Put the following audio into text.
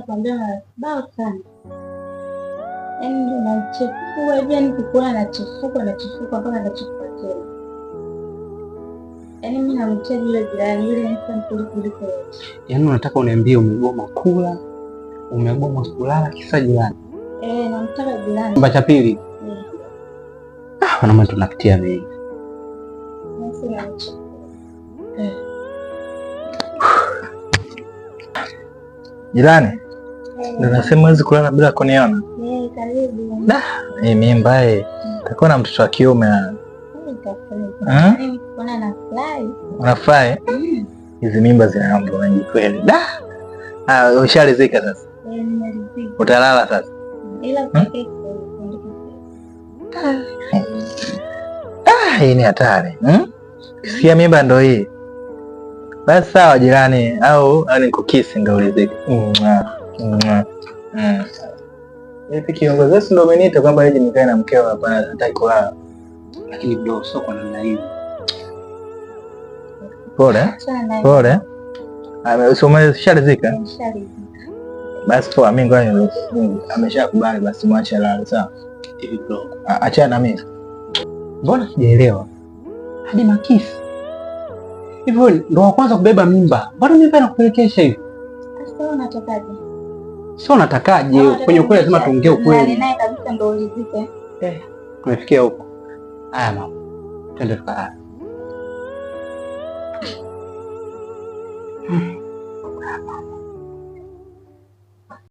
kuambiana bao sana, yaani ndio nachefuka hivi, yaani kikuona nachefuka nachefuka mpaka nachefuka tena, yaani mimi namhitaji yule jirani yule, nifa mkuli kuliko wote. Yaani unataka uniambie umegoma kula, umegoma kulala kisa jirani? Eh, namtaka jirani. Chumba cha pili ah, wanama tunapitia Eh. jirani ndio nasema hizi kulala bila kuniona. Eh, karibu. eh mimi mbaye. Takuwa na mtoto wa kiume. Ah? Kuna na fly. Hmm. Hizi mimba zina mambo mengi kweli. Da. Ah, ushalizika sasa. Utalala sasa. Ila Ah, hii ni hatari. Hmm? mimba ndo hii. Basi sawa jirani, au au nikukisi ndo ulizika. Mm. Vipi mm. mm. kiongozi wetu ndio ameniita kwamba aje nikae na mkeo hapa, hataki kulala. Lakini bro, sio kwa namna hiyo. Pole. Pole. Amesharizika. Basi poa, mimi ngoja Ameshakubali basi mwache lale, sawa? Hivi Achana na mimi. Mbona sijaelewa? Hadi makisi. Hivyo ndio wa kwanza kubeba mimba. Mbona mimba inakupelekesha hivi? sio natakaje, kwenye ukweli lazima tuongee ukweli. Eh. Tumefikia huko. Haya mama, twende tukalale.